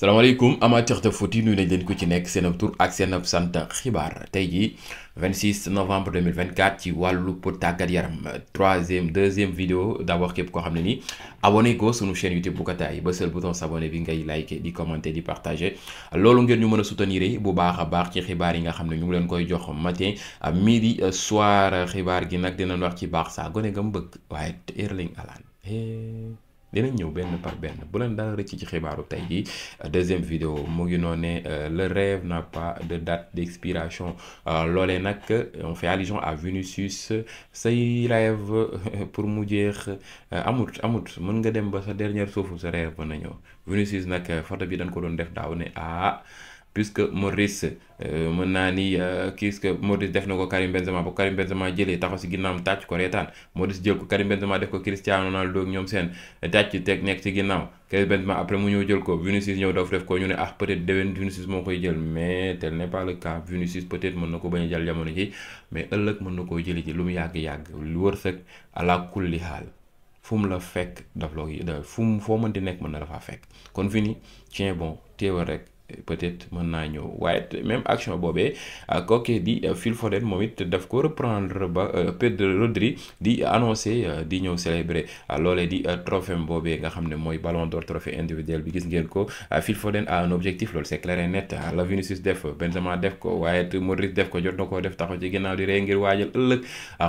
salaamaaleykum amateurs de foot yi nuyu nañ leen ko ci nekk seen ab tur ak seen ab sant xibaar tey jii 26 novembre 2024 ci wàllu tàggat yaram troisième deuxième vidéo d'abord képp koo xam ne nii abonné ko sunu chaîne YouTube bu kataay ba seul bouton s'abonner bi ngay like di commenter di partager loolu ngeen ñu mën a soutenir bu baax a baax ci xibaar yi nga xam ne ñu ngi leen koy jox matin midi soir xibaar gi nag dinañ wax ci baax saa gone gam bëgg waaye Erling Haaland dinañ ñëw benn par benn bu leen dara rëcc ci xibaaru tey jii deuxième vidéo mu ngi noonu ne euh, le rêve n'a pas de date d'expiration euh, loolee nag on fait allusion à Vinicius say rêve euh, pour mu jeex amut amut mën nga dem ba sa dernière souffle sa rêve ba na ñëw Vinicius nag photo bi dañ ko doon def daaw ne ah puisque Maurice euh, mën naa ni euh, kii que Maurice def na ko Karim Benzema ba Karim Benzema jëlee taxaw si ginnaawam tàcc ko reetaan Maurice jël ko Karim Benzema def ko Cristiano Ronaldo ak ñoom seen tàcc teg nekk ci ginnaaw Karim Benzema après mu ñëw jël ko Vinicius ñëw dafa def ko ñu ne ah peut-être déwén moo koy jël mais tel n'est pas le cas mën na ko bañ a jël jamono ji mais ëllëg mën na koo jëli ji lu mu yàgg-yàgg lu wërsëg ala kulli xaal fu mu la fekk daf loo fu mu foo mën di nekk mën na la fekk kon fini tiens bon téewal rek peut-être mën naa ñëw waaye même action boobee ah, kooke di euh, Phil Foden moom it daf ko reprendre ba euh, Pedro Rodri di annoncé euh, di ñëw célébrer ah, loolee di trophée boobee nga xam ne mooy ballon d'or trophée individuel bi gis ngeen ko ah, Phil Foden a un objectif loolu c'est clair net la Vinicius def Benzema def ko waaye Modric def ko jot na koo def taxaw ci ginnaaw di ree ngir waajal ëllëg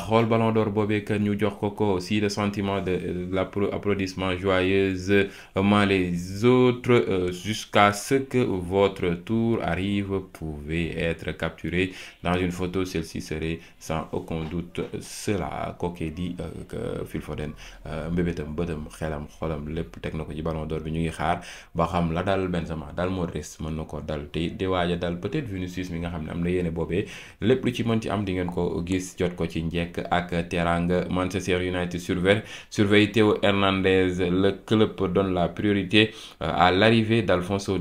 xool ballon d'or boobee que ñu jox ko ko aussi sentiment de l'applaudissement joyeusement les autres jusqu'à ce que votre tour arrive, pouvez être capturé dans une photo. Celle-ci serait sans aucun doute cela. Koke di euh, Phil Foden euh, mbébétam bëtam xelam xolam lépp teg na ko ci ballon d'or bi ñu ngi xaar ba xam la dal Benzema dal Modric mën na ko dal te de waaja dal peut-être mi nga xam ne am na yéene boobee lépp lu ci mën ci am di ngeen ko gis jot ko ci njekk ak teranga Manchester United surveille surveille Théo Hernandez le club donne la priorité euh, à l'arrivée d'Alfonso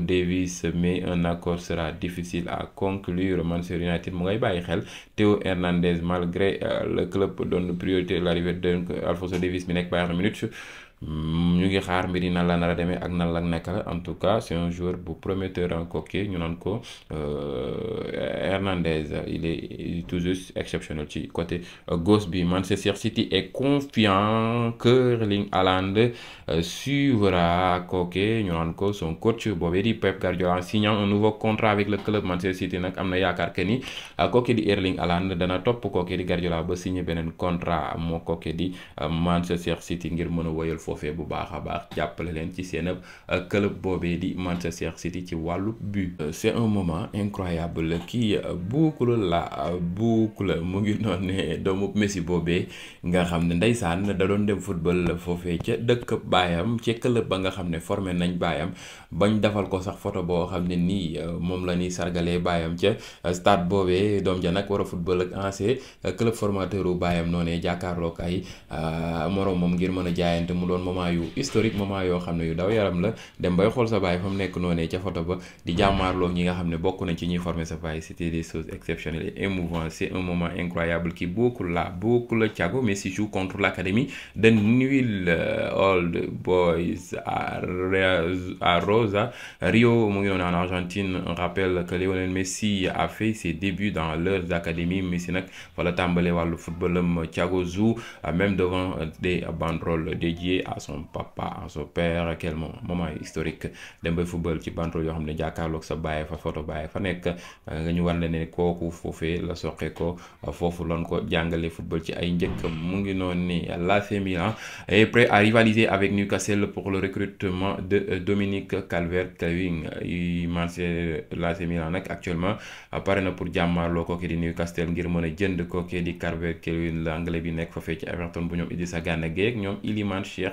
mais un accord sera difficile à conclure Manchester United mu ngay bàyyi xel Théo Hernandez malgré euh, le club donne priorité l'arrivée de Alphonso Davies mi nekk Bayern Munich Mm, ñu ngi xaar mbir yi la nar a demee ak nan la nekk la en tout cas c'est un joueur bu prometteur en coquet ñu naan ko euh, Hernandez il toujours exceptionnel ci côté euh, gauche bi Manchester City est confiant que Erling Haaland euh, suivra coquet ñu naan ko son coach boobee di Pep Guardiola en signant un nouveau contra avec le club Manchester City nag am na yaakaar que ni coquet di Erling Haaland dana topp coquet di Guardiola ba signé beneen contrat moo coquet di Manchester City ngir mën a woyal foofu foofee bu baax a baax jàppale leen ci seen euh, club boobee di Manchester City ci wàllu bu euh, c' est un moment incroyable kii euh, buukula la buukula mu ngi noonu ne doomu Messi boobee nga xam ne ndeysaan da doon dem football foofe ca dëkk baayam ci club ba nga xam ne forme nañ baayam bañ defal ko sax foto boo xam ne nii moom la ñuy sargalee baayam ca stade boobee doom ja nag war a football ak ancien club formateur u baayam noonee jàkkaarloog ay moroomam ngir mën a jaayante doonoon moment yu historique moment yoo xam ne yu daw yaram la dem bay xool sa baay fa mu nekk noonee ca photo ba di jàmmaarloo ñi nga xam ne bokk nañ ci ñuy former sa baay c'était des choses exceptionnelles et émouvantes c'est un moment incroyable qui beaucoup là beaucoup le Messi joue contre l'académie de Newell's Old Boys à Rosa Rio mu ngi noonu en Argentine on rappelle que Lionel Messi a fait ses débuts dans leurs académies Messi nag fa la tàmbalee wàllu footballam Thiago joue euh, même devant des à son papa à son père quel moment historique dem ba football ci bantul yoo xam ne jàkkaarloog sa bàyyi fa photo bàyyi fa nekk euh, nga ñu war la ne kooku foofee la soqe ko foofu loon ko jàngale football ci ay njëkk mu ngi noon ni la Milan est a à rivaliser avec Newcastle pour le recrutement de euh, Dominique Calvert-Lewin yu marché l'AC Milan nag actuellement euh, pare na pour jàmmaarloo kooki di Newcastle ngir mën a jënd kooki di Calvert-Lewin l'anglais bi nekk foofee ci Everton bu ñoom Idrissa Gana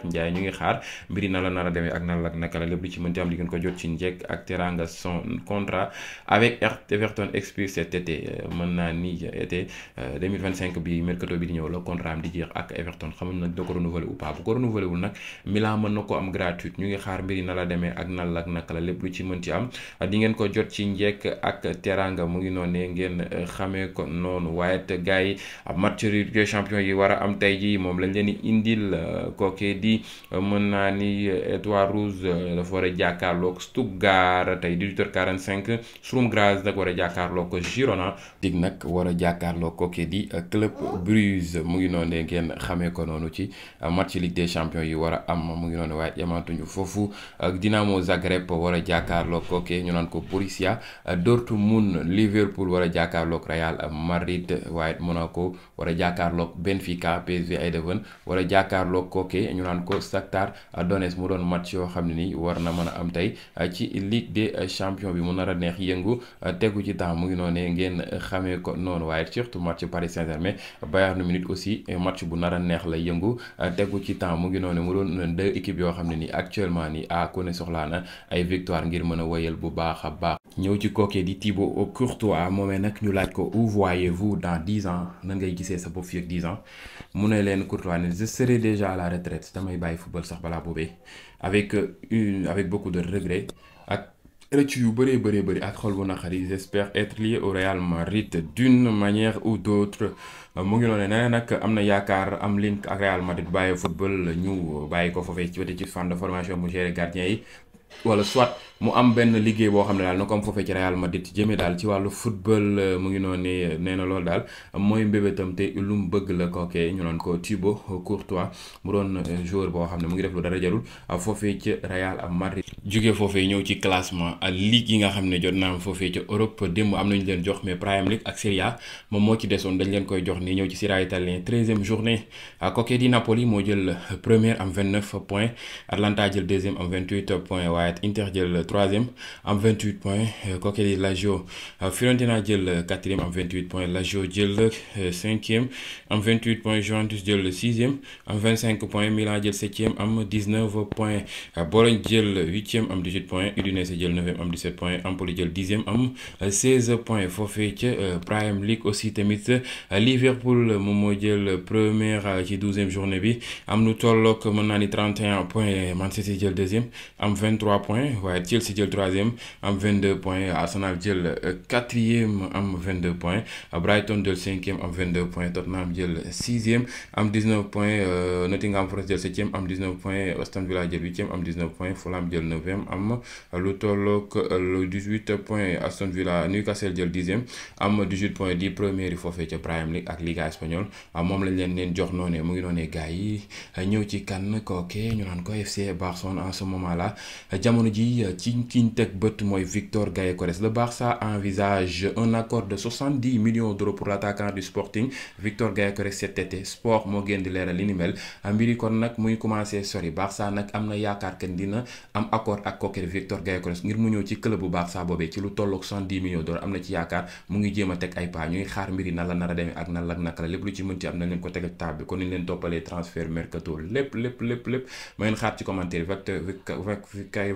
Ngath ñu ngi xaar mbiri na la nar a demee ak na la naka la lépp lu ci mënti ngeen ko jot ci njëkk ak teranga son contrat avec Everton expire cet euh, mën naa ni été 2025 euh, bi mercato bi di ñëw la contrat am di jeex ak Everton xamuñ nag da ko renouveler ou pas bu ko na ko am gratuite ñu ngi xaar mbiri na la demee ak na la naka la lépp lu ci mënti am di ngeen ko jot ci njëkk ak teranga mu ngi noonu ne ngeen euh, xamee ko noonu waaye te gars yi match champion yi war a am tey ji moom lañ leen di indil kookee di gi euh, mën naa ni euh, Étoile Rouge euh, dafa war a jàkkaarloog Stuttgart tey 18h45 Sturm Graz nag war a jàkkaarloog Girona dig nag war a jàkkaarloog kooku di club Bruges mu ngi noonu ne ngeen xamee ko noonu ci match Ligue des champions yi war a am mu ngi noonu waaye yamaatuñu foofu ak Dinamo Zagreb war a jàkkaarloog kooku ñu naan ko Borussia Dortmund Liverpool war a jàkkaarloog Real Madrid waaye Monaco war a jàkkaarloog Benfica PSV Eindhoven war a jàkkaarloog kooku ñu naan daan ko Shakhtar Donetsk mu doon match yoo xam ne ni war na mën a am tey uh, ci Ligue des champions bi mu nar a neex yëngu uh, tegu ci temps mu ngi noonee ngeen xamee ko noonu waaye surtout match Paris Saint-Germain Bayern Munich aussi uh, match bu nar a neex la yëngu tegu ci temps mu ngi noonu mu doon deux équipes yoo xam ne ni actuellement ni ah ku ne soxlaa na ay victoire ngir mën a woyal bu baax a baax ñëw ci kooke di Thibaut Courtois moomee nag ñu laaj ko où voyez-vous dans dix ans nan ngay gisee sa bopp fii ak dix ans mu ne leen Courtois ne je serai déjà à la retraite damay bàyyi football sax balaa boobee avec euh, une avec beaucoup de regrets ak rëcc yu bëree bëree bëri ak xol bu naqari j'espère être lié au Real Madrid d'une manière ou d'autre mu ngi noonu ne nag am na yaakaar am link ak Real Madrid bàyyi football ñu bàyyi ko foofee ci wete de formation mu géré gardien wala soit mu am benn liggéey boo xam ne daal na ko am foofee ci Real Madrid jëmee daal ci wàllu football euh, mu ngi noonu ne euh, nee na loolu daal mooy mbébétam te lu mu bëgg la kookee ñu doon ko Thibaut Courtois mu doon euh, joueur boo xam ne mu ngi def lu dara jarul foofee ci Real Madrid. jugee foofee ñëw ci classement ak nga xam ne jot naa am foofee ci Europe démb jox mais Premier League ak Serie A moo ci desoon dañ leen koy jox nii ñëw ci Serie A italien treizième journée kookee di Napoli moo jël première am vingt neuf points Atalanta jël deuxième am vingt huit points. waaye Inter jël troisième am 28 points euh, Koke Lazio euh, Fiorentina jël quatrième am 28 points Lazio jël euh, cinquième am 28 points Juventus jël sixième am 25 points Milan jël septième am 19 points Bologne jël huitième am 18 points Udinese jël neuvième am 17 points Empoli jël dixième am 16 points foofee ca League aussi tamit Liverpool moom jël première ci douzième journée bi am nu tolloog mën naa ni 31 points Man City jël deuxième am 23 points waaye Chelsea jël troisième am 22 points Arsenal jël euh, quatrième am 22 points Brighton jël cinquième am 22 points Tottenham jël sixième am 19 points euh, Nottingham Forest jël septième am 19 points Aston Villa jël huitième am 19 points Fulham jël neuvième am lu tollook euh, lu 18 points Aston Villa Newcastle jël dixième am 18 points di première yi foofee ca Premier League ak Liga espagnole ah, moom lañ leen leen jox noonu mu ngi noonu gars yi ñëw ci kan kooke ñu naan ko FC Barcelone en ce jamono ji euh, ci kiñ teg bët mooy Victor Gyökeres le Barça envisage un accord de 70 millions d'euros pour l'attaquant du Sporting Victor Gyökeres cet été sport moo gën di leeral li euh, mbiri kon nag muy commencé sori Barça nag am na yaakaar ken dina am accord ak kooku Victor Gyökeres ngir mu ñëw ci club bu Barça boobee ci lu tolloog 70 millions d'euros am na ci yaakaar mu ngi jéem teg ay pas ñuy xaar mbiri nan la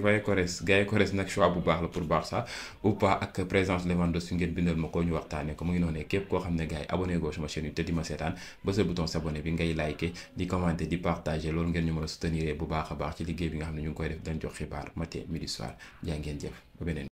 ay Gyökeres nag choix bu baax la pour Barça ou pas ak présence Lewandowski ngeen bindal ma ñu waxtaanee ko mu ngi noonu képp koo xam ne gars yi abonné goo te di ma seetaan ba sa bouton s'abonner bi ngay liker di commenter di partager loolu ngeen ñu mën a soutenir bu baax a baax ci liggéey bi nga xam ne ñu ngi koy def dañ jox xibaar matin midi soir jaa ngeen jëf ba beneen.